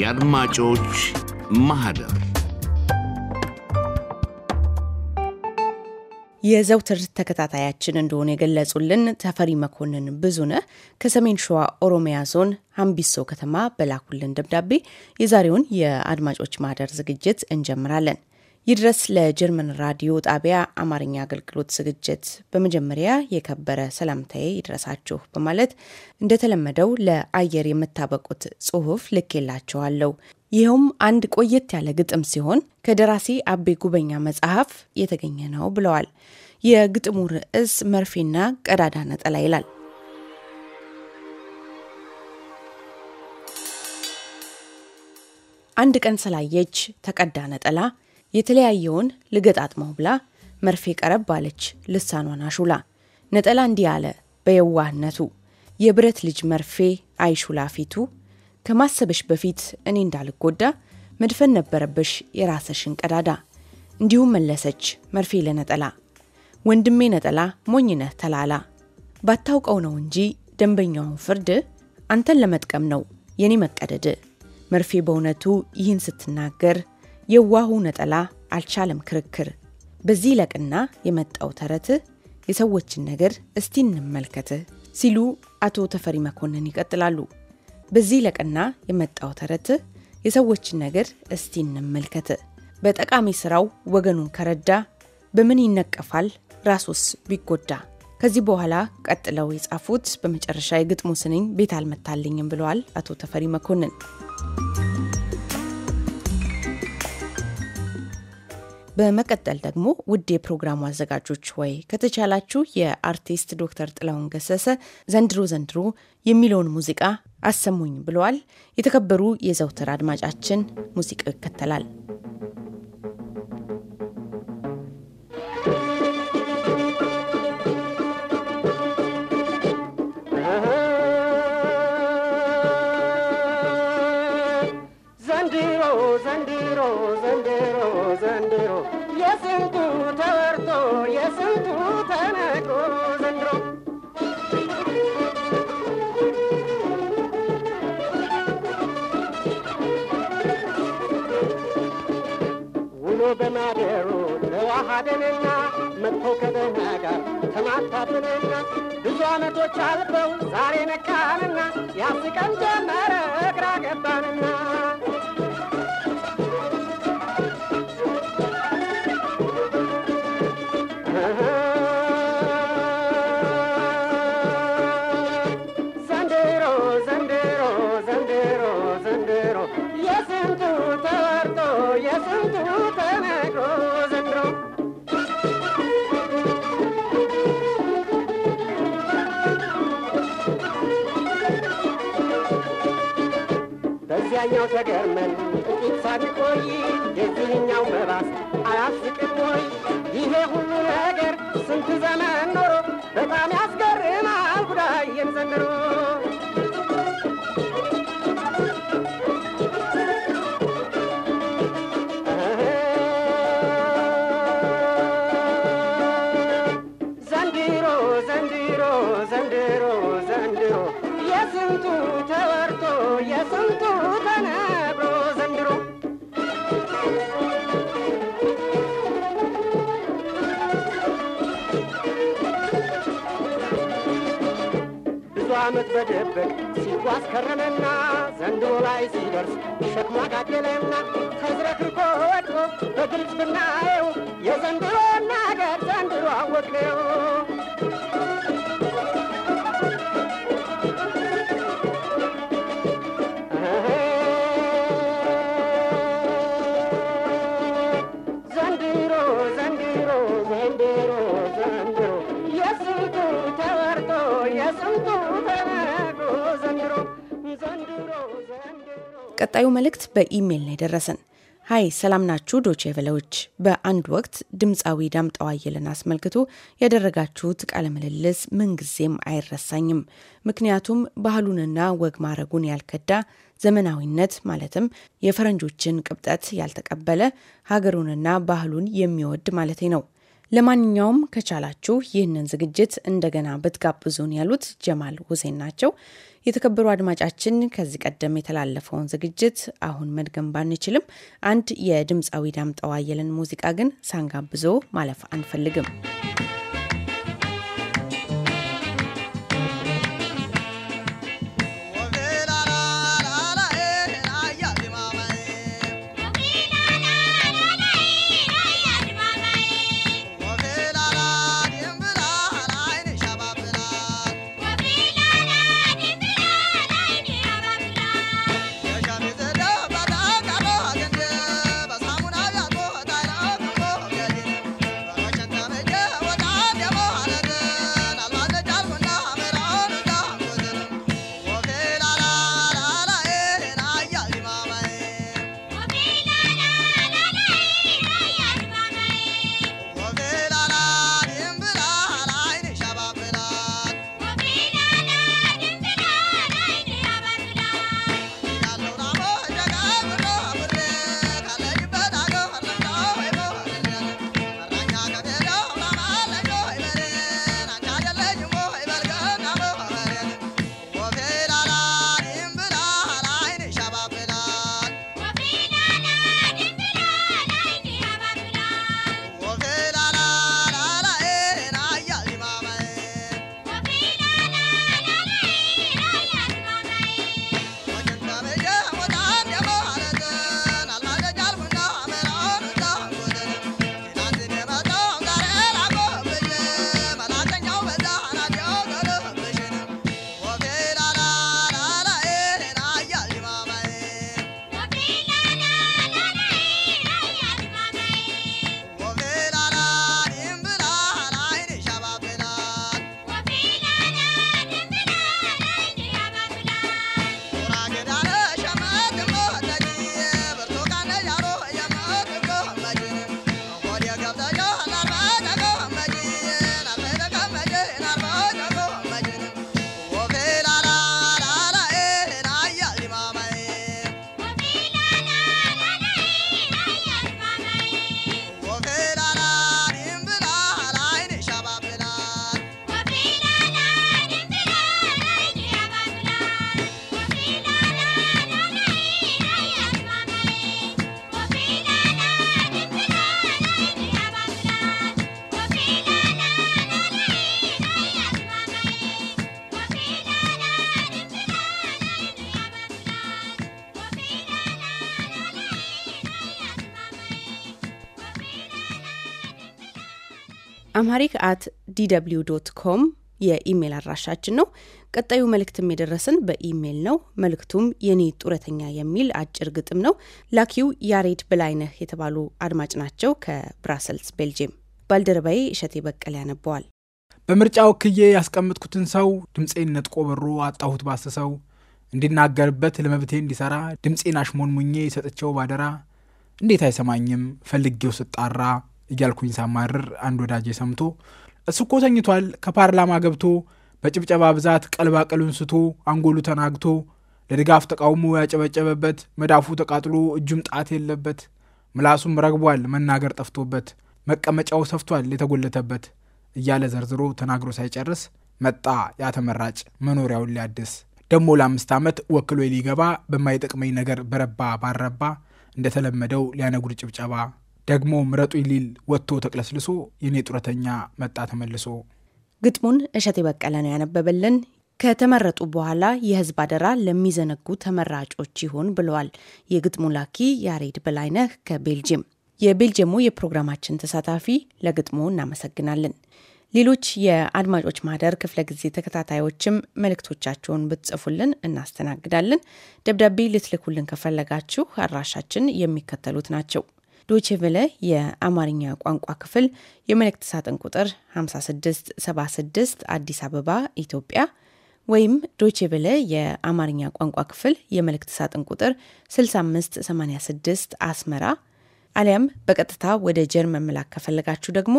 የአድማጮች ማህደር የዘውትር ተከታታያችን እንደሆኑ የገለጹልን ተፈሪ መኮንን ብዙነህ ከሰሜን ሸዋ ኦሮሚያ ዞን ሀምቢሶ ከተማ በላኩልን ደብዳቤ የዛሬውን የአድማጮች ማህደር ዝግጅት እንጀምራለን። ይድረስ ለጀርመን ራዲዮ ጣቢያ አማርኛ አገልግሎት ዝግጅት በመጀመሪያ የከበረ ሰላምታዬ ይድረሳችሁ በማለት እንደተለመደው ለአየር የምታበቁት ጽሑፍ ልኬላችኋለሁ። ይኸውም አንድ ቆየት ያለ ግጥም ሲሆን ከደራሲ አቤ ጉበኛ መጽሐፍ የተገኘ ነው ብለዋል። የግጥሙ ርዕስ መርፌና ቀዳዳ ነጠላ ይላል። አንድ ቀን ስላየች ተቀዳ ነጠላ የተለያየውን ልገጣጥመው ብላ መርፌ ቀረብ አለች ልሳኗን አሹላ። ነጠላ እንዲህ አለ በየዋህነቱ የብረት ልጅ መርፌ አይሹላ ፊቱ። ከማሰበሽ በፊት እኔ እንዳልጎዳ መድፈን ነበረብሽ የራሰሽን ቀዳዳ። እንዲሁም መለሰች መርፌ ለነጠላ ወንድሜ ነጠላ ሞኝነህ ተላላ። ባታውቀው ነው እንጂ ደንበኛውን ፍርድ አንተን ለመጥቀም ነው የኔ መቀደድ። መርፌ በእውነቱ ይህን ስትናገር የዋሁ ነጠላ አልቻለም ክርክር። በዚህ ለቅና የመጣው ተረት የሰዎችን ነገር እስቲ እንመልከት ሲሉ አቶ ተፈሪ መኮንን ይቀጥላሉ። በዚህ ለቅና የመጣው ተረት የሰዎችን ነገር እስቲ እንመልከት በጠቃሚ ስራው ወገኑን ከረዳ በምን ይነቀፋል? ራሶስ ቢጎዳ? ከዚህ በኋላ ቀጥለው የጻፉት በመጨረሻ የግጥሙ ስንኝ ቤት አልመታልኝም ብለዋል አቶ ተፈሪ መኮንን። በመቀጠል ደግሞ ውድ የፕሮግራሙ አዘጋጆች ወይ ከተቻላችሁ የአርቲስት ዶክተር ጥላውን ገሰሰ ዘንድሮ ዘንድሮ የሚለውን ሙዚቃ አሰሙኝ ብለዋል። የተከበሩ የዘውትር አድማጫችን ሙዚቃው ይከተላል። ዘንድሮ ዘንድሮ ዘንድሮ ተዋሃደንና መጥቶ ከደህና ጋር ተማታብንና ብዙ ዓመቶች አልፈው ዛሬ ነካንና ያስቀን ጀመረ ግራ ገባንና የጥንት ዘመን ኖሮ በጣም ያስገርማል ጉዳይ የዘንድሮ በድብቅ በድብቅ ሲጓዝ ከረመና ዘንድሮ ላይ ሲደርስ ሸክማ ጋደለና ተዝረክርኮ ወድቆ በግልጽ ብናየው የዘንድሮ ነገር ዘንድሮ አወቅነው። ቀጣዩ መልእክት በኢሜይል ነው የደረሰን። ሀይ ሰላም ናችሁ ዶቼ ቬለዎች። በአንድ ወቅት ድምፃዊ ዳምጠው አየለን አስመልክቶ ያደረጋችሁት ቃለ ምልልስ ምንጊዜም አይረሳኝም። ምክንያቱም ባህሉንና ወግ ማረጉን ያልከዳ ዘመናዊነት ማለትም የፈረንጆችን ቅብጠት ያልተቀበለ ሀገሩንና ባህሉን የሚወድ ማለቴ ነው። ለማንኛውም ከቻላችሁ ይህንን ዝግጅት እንደገና ብትጋብዙን ያሉት ጀማል ሁሴን ናቸው። የተከበሩ አድማጫችን ከዚህ ቀደም የተላለፈውን ዝግጅት አሁን መድገም ባንችልም አንድ የድምፃዊ ዳምጠው አየለን ሙዚቃ ግን ሳንጋብዞ ማለፍ አንፈልግም። አምሃሪክ አት ዲደብሊው ዶት ኮም የኢሜይል አድራሻችን ነው። ቀጣዩ መልእክትም የደረሰን በኢሜይል ነው። መልእክቱም የኔ ጡረተኛ የሚል አጭር ግጥም ነው። ላኪው ያሬድ ብላይነህ የተባሉ አድማጭ ናቸው ከብራሰልስ ቤልጅየም። ባልደረባዬ እሸቴ በቀል ያነበዋል። በምርጫ ወክዬ ያስቀምጥኩትን ሰው ድምፄን ነጥቆ በሮ አጣሁት ባሰሰው እንዲናገርበት ለመብቴ እንዲሰራ ድምፄን ሙኜ ሰጥቼው ባደራ እንዴት አይሰማኝም ፈልጌው ስጣራ እያልኩኝ ሳማርር አንድ ወዳጄ ሰምቶ እሱ እኮ ተኝቷል፣ ከፓርላማ ገብቶ በጭብጨባ ብዛት ቀልባ ስቶ አንጎሉ ተናግቶ ለድጋፍ ተቃውሞ ያጨበጨበበት መዳፉ ተቃጥሎ እጁም ጣት የለበት ምላሱም ረግቧል መናገር ጠፍቶበት መቀመጫው ሰፍቷል የተጎለተበት እያለ ዘርዝሮ ተናግሮ ሳይጨርስ መጣ ያተመራጭ መኖሪያውን ሊያድስ ደሞ ለአምስት ዓመት ወክሎ ሊገባ በማይጠቅመኝ ነገር በረባ ባረባ እንደተለመደው ሊያነጉድ ጭብጨባ ደግሞ ምረጡ ሊል ወጥቶ ተቅለስልሶ የኔ ጡረተኛ መጣ ተመልሶ። ግጥሙን እሸቴ በቀለ ነው ያነበበልን። ከተመረጡ በኋላ የህዝብ አደራ ለሚዘነጉ ተመራጮች ይሆን ብለዋል የግጥሙ ላኪ ያሬድ በላይነህ ከቤልጅየም። የቤልጅየሙ የፕሮግራማችን ተሳታፊ ለግጥሙ እናመሰግናለን። ሌሎች የአድማጮች ማህደር ክፍለ ጊዜ ተከታታዮችም መልእክቶቻቸውን ብትጽፉልን እናስተናግዳለን። ደብዳቤ ልትልኩልን ከፈለጋችሁ አድራሻችን የሚከተሉት ናቸው። ዶቼ ቬለ የአማርኛ ቋንቋ ክፍል የመልእክት ሳጥን ቁጥር 5676 አዲስ አበባ ኢትዮጵያ ወይም ዶቼ ቬለ የአማርኛ ቋንቋ ክፍል የመልእክት ሳጥን ቁጥር 6586 አስመራ አሊያም በቀጥታ ወደ ጀርመን መላክ ከፈለጋችሁ ደግሞ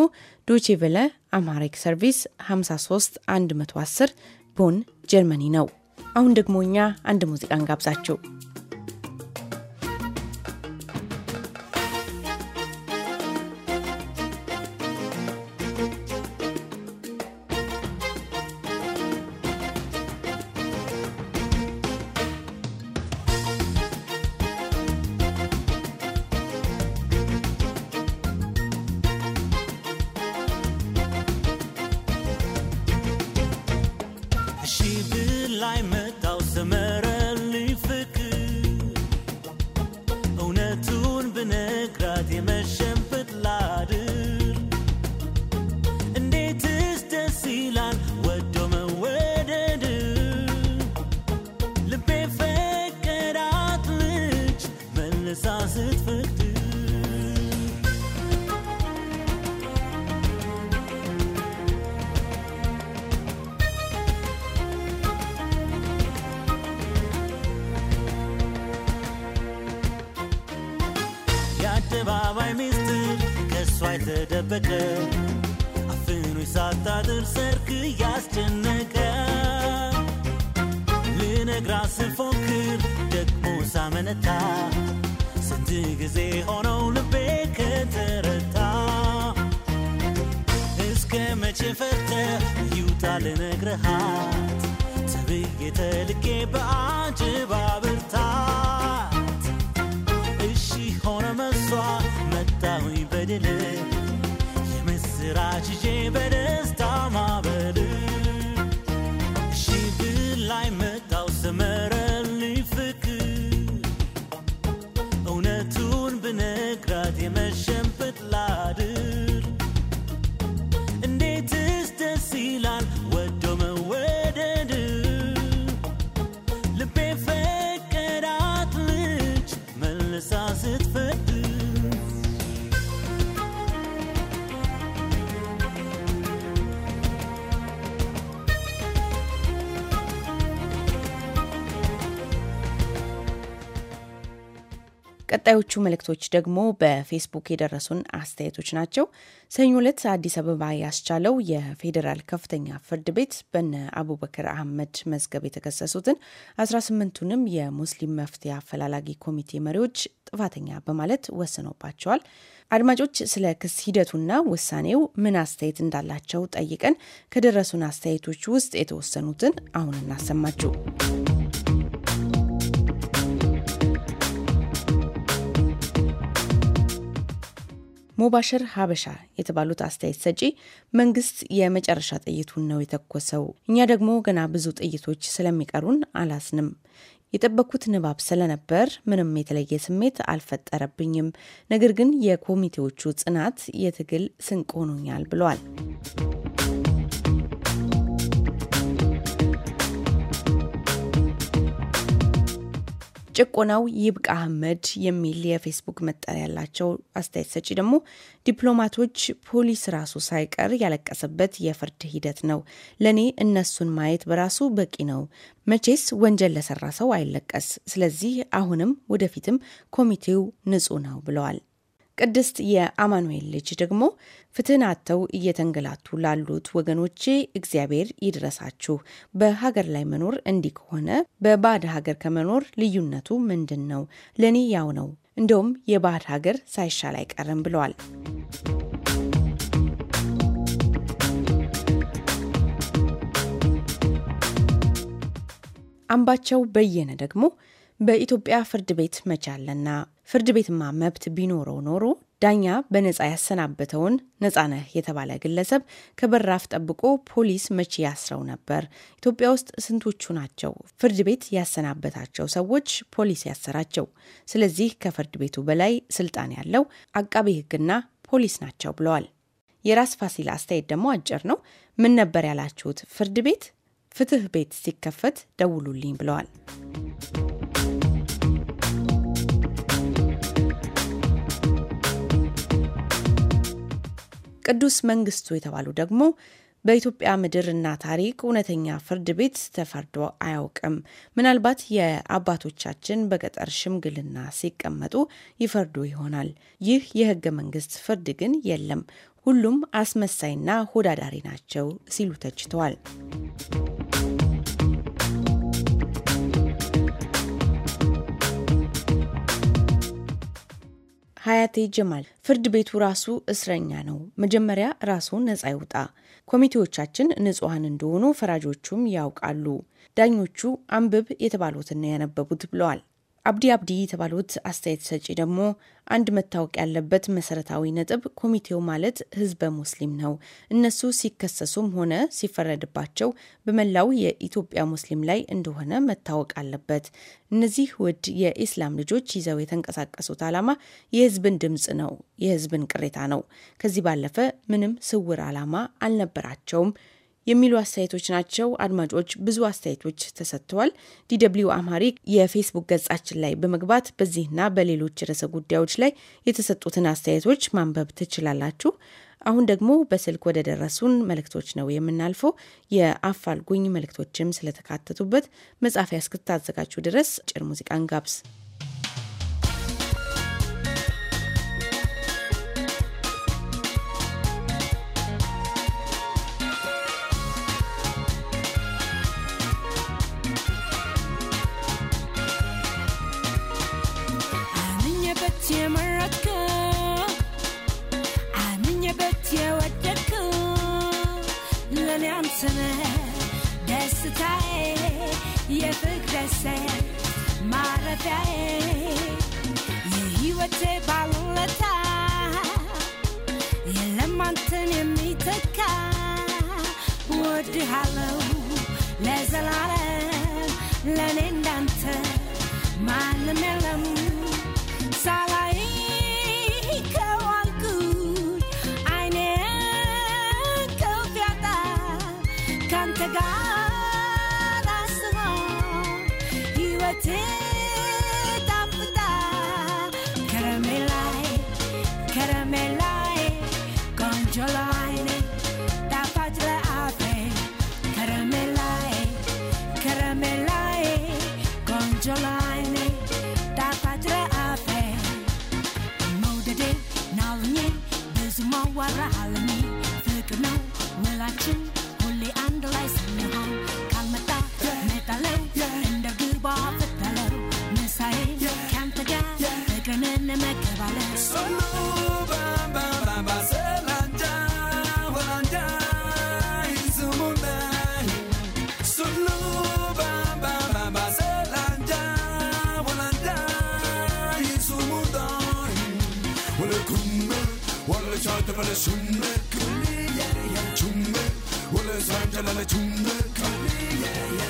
ዶቼ ቬለ አምሃሪክ ሰርቪስ 53 110 ቦን ጀርመኒ ነው። አሁን ደግሞ እኛ አንድ ሙዚቃን ጋብዛችሁ ከበደ አፍኖች ሳታድር ሰርክ ያስጨነቀ ልነግራ ስፎክር ደግሞ ሳመነታ ስንት ጊዜ ሆነው ልቤ ከተረታ እስከ መቼ ፈርተ ይውጣ ልነግርሃት ተብዬ ተልኬ በአጅባ ብርታት እሺ ሆነ መሷ መጣሁኝ በድልህ será de Jemberes da Mar. ቀጣዮቹ መልእክቶች ደግሞ በፌስቡክ የደረሱን አስተያየቶች ናቸው። ሰኞ ዕለት አዲስ አበባ ያስቻለው የፌዴራል ከፍተኛ ፍርድ ቤት በነ አቡበክር አህመድ መዝገብ የተከሰሱትን 18ቱንም የሙስሊም መፍትሄ አፈላላጊ ኮሚቴ መሪዎች ጥፋተኛ በማለት ወስኖባቸዋል። አድማጮች ስለ ክስ ሂደቱና ውሳኔው ምን አስተያየት እንዳላቸው ጠይቀን ከደረሱን አስተያየቶች ውስጥ የተወሰኑትን አሁን እናሰማችሁ። ሞባሽር ሀበሻ የተባሉት አስተያየት ሰጪ መንግስት የመጨረሻ ጥይቱን ነው የተኮሰው፣ እኛ ደግሞ ገና ብዙ ጥይቶች ስለሚቀሩን አላስንም። የጠበኩት ንባብ ስለነበር ምንም የተለየ ስሜት አልፈጠረብኝም። ነገር ግን የኮሚቴዎቹ ጽናት የትግል ስንቅ ሆኖኛል ብለዋል። ጭቆናው ይብቃ አህመድ የሚል የፌስቡክ መጠሪያ ያላቸው አስተያየት ሰጪ ደግሞ ዲፕሎማቶች ፖሊስ ራሱ ሳይቀር ያለቀሰበት የፍርድ ሂደት ነው። ለእኔ እነሱን ማየት በራሱ በቂ ነው። መቼስ ወንጀል ለሰራ ሰው አይለቀስ። ስለዚህ አሁንም ወደፊትም ኮሚቴው ንጹህ ነው ብለዋል። ቅድስት የአማኑኤል ልጅ ደግሞ ፍትህን አጥተው እየተንገላቱ ላሉት ወገኖቼ እግዚአብሔር ይድረሳችሁ። በሀገር ላይ መኖር እንዲህ ከሆነ በባዕድ ሀገር ከመኖር ልዩነቱ ምንድን ነው? ለእኔ ያው ነው። እንደውም የባዕድ ሀገር ሳይሻል አይቀርም ብለዋል። አምባቸው በየነ ደግሞ በኢትዮጵያ ፍርድ ቤት መቻለና ፍርድ ቤትማ መብት ቢኖረው ኖሮ ዳኛ በነፃ ያሰናበተውን ነፃነህ የተባለ ግለሰብ ከበራፍ ጠብቆ ፖሊስ መቼ ያስረው ነበር? ኢትዮጵያ ውስጥ ስንቶቹ ናቸው ፍርድ ቤት ያሰናበታቸው ሰዎች ፖሊስ ያሰራቸው? ስለዚህ ከፍርድ ቤቱ በላይ ስልጣን ያለው አቃቤ ሕግና ፖሊስ ናቸው ብለዋል። የራስ ፋሲል አስተያየት ደግሞ አጭር ነው። ምን ነበር ያላችሁት? ፍርድ ቤት ፍትህ ቤት ሲከፈት ደውሉልኝ ብለዋል። ቅዱስ መንግስቱ የተባሉ ደግሞ በኢትዮጵያ ምድርና ታሪክ እውነተኛ ፍርድ ቤት ተፈርዶ አያውቅም። ምናልባት የአባቶቻችን በገጠር ሽምግልና ሲቀመጡ ይፈርዱ ይሆናል። ይህ የህገ መንግስት ፍርድ ግን የለም፣ ሁሉም አስመሳይና ሆዳዳሪ ናቸው ሲሉ ተችተዋል። ሀያቴ ጀማል ፍርድ ቤቱ ራሱ እስረኛ ነው፣ መጀመሪያ ራሱን ነጻ ይውጣ። ኮሚቴዎቻችን ንጹሐን እንደሆኑ ፈራጆቹም ያውቃሉ። ዳኞቹ አንብብ የተባሉትን ያነበቡት ብለዋል። አብዲ አብዲ የተባሉት አስተያየት ሰጪ ደግሞ አንድ መታወቅ ያለበት መሰረታዊ ነጥብ ኮሚቴው ማለት ህዝበ ሙስሊም ነው። እነሱ ሲከሰሱም ሆነ ሲፈረድባቸው በመላው የኢትዮጵያ ሙስሊም ላይ እንደሆነ መታወቅ አለበት። እነዚህ ውድ የኢስላም ልጆች ይዘው የተንቀሳቀሱት ዓላማ የህዝብን ድምፅ ነው፣ የህዝብን ቅሬታ ነው። ከዚህ ባለፈ ምንም ስውር ዓላማ አልነበራቸውም የሚሉ አስተያየቶች ናቸው። አድማጮች ብዙ አስተያየቶች ተሰጥተዋል። ዲደብሊው አማሪክ የፌስቡክ ገጻችን ላይ በመግባት በዚህና በሌሎች ርዕሰ ጉዳዮች ላይ የተሰጡትን አስተያየቶች ማንበብ ትችላላችሁ። አሁን ደግሞ በስልክ ወደ ደረሱን መልእክቶች ነው የምናልፈው። የአፋልጉኝ መልእክቶችም ስለተካተቱበት መጻፊያ እስክታዘጋጁ ድረስ ጭር ሙዚቃን ጋብዝ Tagalog. شونه چونه ولس آنجلال چونه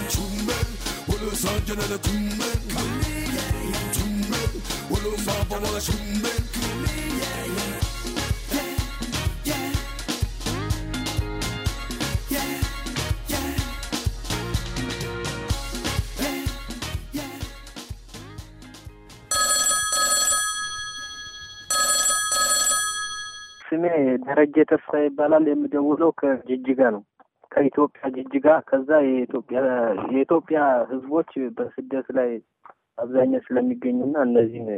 چونه ولس آنجلال چونه چونه ولس آبوا شونه ደረጀ ተስፋ ይባላል። የምደውለው ከጅጅጋ ነው። ከኢትዮጵያ ጅጅጋ። ከዛ የኢትዮጵያ ህዝቦች በስደት ላይ አብዛኛው ስለሚገኙና እነዚህን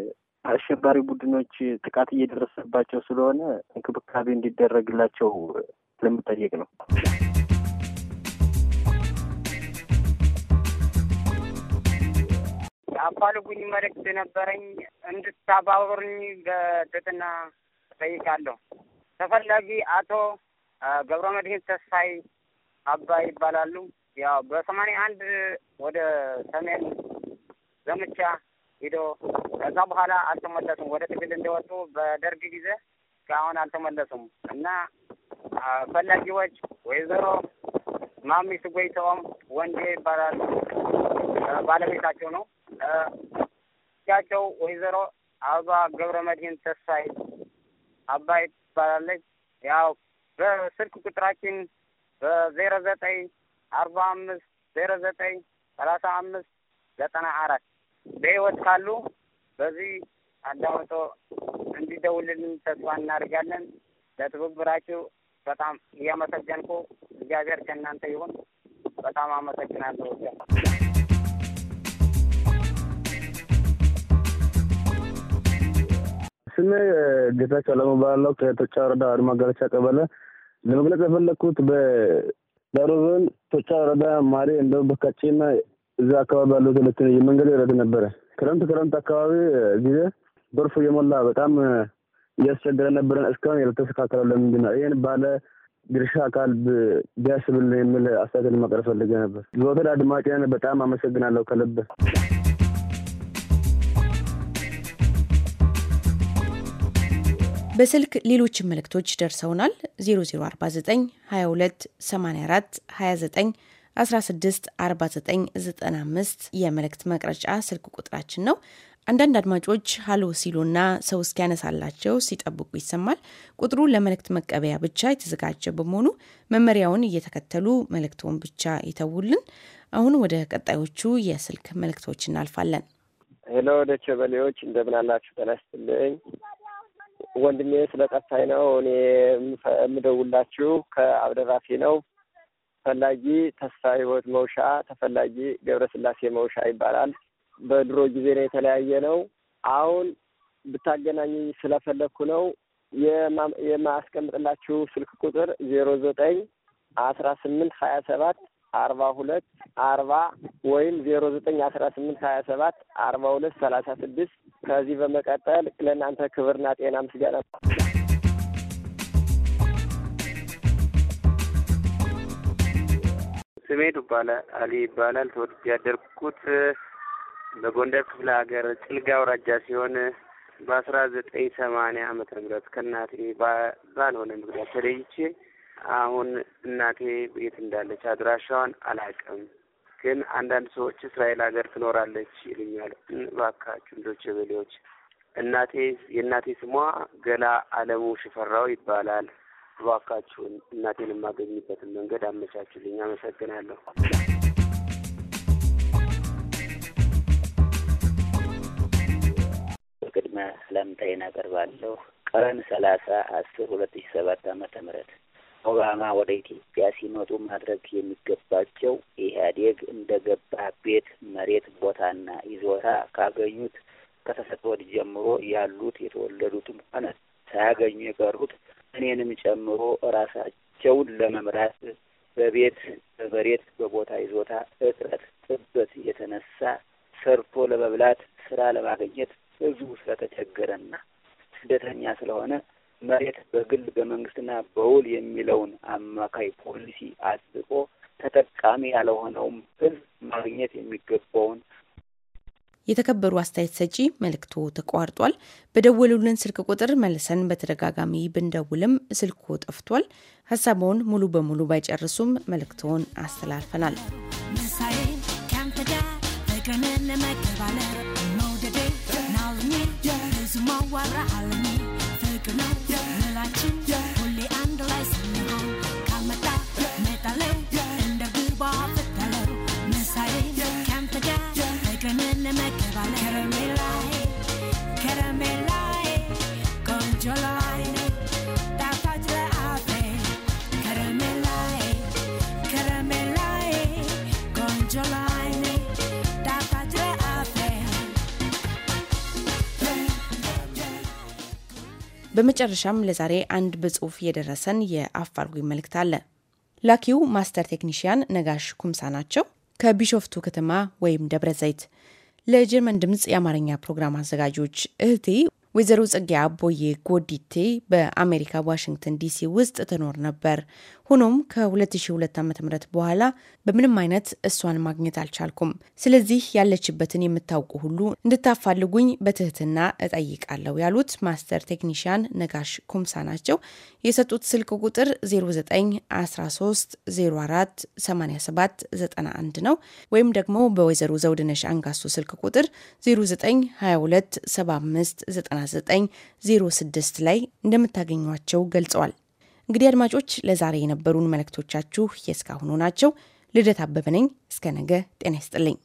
አሸባሪ ቡድኖች ጥቃት እየደረሰባቸው ስለሆነ እንክብካቤ እንዲደረግላቸው ስለምጠየቅ ነው። አፋልጉኝ መልእክት ነበረኝ እንድታባብሩኝ በትህትና ጠይቃለሁ። ተፈላጊ አቶ ገብረ መድህን ተስፋይ አባ ይባላሉ። ያው በሰማንያ አንድ ወደ ሰሜን ዘምቻ ሂዶ ከዛ በኋላ አልተመለሱም። ወደ ትግል እንደወጡ በደርግ ጊዜ እስካሁን አልተመለሱም እና ፈላጊዎች ወይዘሮ ማሚስ ጎይተውም ወንዴ ይባላሉ። ባለቤታቸው ነው። እቻቸው ወይዘሮ አበባ ገብረ መድህን ተስፋይ አባይ ትባላለች። ያው በስልክ ቁጥራችን በዜሮ ዘጠኝ አርባ አምስት ዜሮ ዘጠኝ ሰላሳ አምስት ዘጠና አራት በህይወት ካሉ በዚህ አዳምጦ እንዲደውልልን ተስፋ እናደርጋለን። ለትብብራችሁ በጣም እያመሰገንኩ እግዚአብሔር ከእናንተ ይሁን። በጣም አመሰግናለሁ። ስሜ ጌታቸው አለሙ እባላለሁ። ከቶቻ ወረዳ አድማ ጋርቻ ቀበለ ለመግለጽ የፈለግኩት በዳሮ ዞን ቶቻ ወረዳ ማሪ እንደ በካቼና እዚ አካባቢ ያሉት ሁለት የመንገድ ረድ ነበረ። ክረምት ክረምት አካባቢ ጊዜ ጎርፍ እየሞላ በጣም እያስቸገረ ነበረን። እስካሁን ያልተስተካከለ ለምንድን ነው? ይህን ባለ ድርሻ አካል ቢያስብልን የሚል አስተያየት ለማቅረብ ፈልጌ ነበር። ዘወትር አድማጭን በጣም አመሰግናለሁ ከልብ በስልክ ሌሎች መልእክቶች ደርሰውናል። 0049 22 84 29 16 49 95 የመልእክት መቅረጫ ስልክ ቁጥራችን ነው። አንዳንድ አድማጮች ሀሎ ሲሉና ሰው እስኪያነሳላቸው ሲጠብቁ ይሰማል። ቁጥሩ ለመልእክት መቀበያ ብቻ የተዘጋጀ በመሆኑ መመሪያውን እየተከተሉ መልእክቶን ብቻ ይተውልን። አሁን ወደ ቀጣዮቹ የስልክ መልእክቶች እናልፋለን። ሄሎ ደቸበሌዎች እንደምን አላችሁ? ጤና ይስጥልኝ ወንድሜ ስለጠፋኝ ነው እኔ የምደውላችሁ ከአብደራፊ ነው። ተፈላጊ ተስፋ ህይወት መውሻ ተፈላጊ ገብረስላሴ መውሻ ይባላል። በድሮ ጊዜ ነው የተለያየ ነው። አሁን ብታገናኝ ስለፈለግኩ ነው የማስቀምጥላችሁ ስልክ ቁጥር ዜሮ ዘጠኝ አስራ ስምንት ሀያ ሰባት አርባ ሁለት አርባ ወይም ዜሮ ዘጠኝ አስራ ስምንት ሀያ ሰባት አርባ ሁለት ሰላሳ ስድስት ከዚህ በመቀጠል ለእናንተ ክብርና ጤና ምስጋና ስሜ ዱባለ አሊ ይባላል። ተወልጄ ያደርኩት በጎንደር ክፍለ ሀገር ጭልጋ አውራጃ ሲሆን በአስራ ዘጠኝ ሰማንያ አመተ ምህረት ከእናቴ ባልሆነ ምክንያት ተለይቼ አሁን እናቴ የት እንዳለች አድራሻዋን አላውቅም፣ ግን አንዳንድ ሰዎች እስራኤል ሀገር ትኖራለች ይሉኛል። እባካችሁ ልጆች በሌዎች እናቴ የእናቴ ስሟ ገላ አለሙ ሽፈራው ይባላል። እባካችሁን እናቴን የማገኝበትን መንገድ አመቻችሁልኝ። አመሰግናለሁ። በቅድመ ሰላምታዬን አቀርባለሁ። ቀረን ሰላሳ አስር ሁለት ሺ ሰባት አመተ ምህረት ኦባማ ወደ ኢትዮጵያ ሲመጡ ማድረግ የሚገባቸው ኢህአዴግ እንደ ገባ ቤት፣ መሬት፣ ቦታና ይዞታ ካገኙት ከተሰጠ ጀምሮ ያሉት የተወለዱትም ሆነ ሳያገኙ የቀሩት እኔንም ጨምሮ ራሳቸውን ለመምራት በቤት በመሬት በቦታ ይዞታ እጥረት ጥበት የተነሳ ሰርቶ ለመብላት ስራ ለማግኘት ህዝቡ ስለተቸገረና ስደተኛ ስለሆነ መሬት በግል በመንግስትና በውል የሚለውን አማካይ ፖሊሲ አጥብቆ ተጠቃሚ ያለሆነውም ህዝብ ማግኘት የሚገባውን የተከበሩ አስተያየት ሰጪ መልእክቱ ተቋርጧል። በደወሉልን ስልክ ቁጥር መልሰን በተደጋጋሚ ብንደውልም ስልኩ ጠፍቷል። ሀሳቡን ሙሉ በሙሉ ባይጨርሱም መልእክትዎን አስተላልፈናል። ፍቅር ነው got you. Yeah. በመጨረሻም ለዛሬ አንድ በጽሁፍ የደረሰን የአፋልጉኝ መልእክት አለ። ላኪው ማስተር ቴክኒሽያን ነጋሽ ኩምሳ ናቸው ከቢሾፍቱ ከተማ ወይም ደብረ ዘይት ለጀርመን ድምፅ የአማርኛ ፕሮግራም አዘጋጆች እህቴ ወይዘሮ ጽጊያ አቦዬ ጎዲቴ በአሜሪካ ዋሽንግተን ዲሲ ውስጥ ትኖር ነበር። ሆኖም ከ2002 ም በኋላ በምንም አይነት እሷን ማግኘት አልቻልኩም። ስለዚህ ያለችበትን የምታውቁ ሁሉ እንድታፋልጉኝ በትህትና እጠይቃለሁ ያሉት ማስተር ቴክኒሽያን ነጋሽ ኩምሳ ናቸው። የሰጡት ስልክ ቁጥር 0913048791 ነው። ወይም ደግሞ በወይዘሮ ዘውድነሽ አንጋሶ ስልክ ቁጥር 0922759906 ላይ እንደምታገኟቸው ገልጸዋል። እንግዲህ አድማጮች ለዛሬ የነበሩን መልእክቶቻችሁ የእስካሁኑ ናቸው። ልደት አበበ ነኝ። እስከ ነገ ጤና ይስጥልኝ።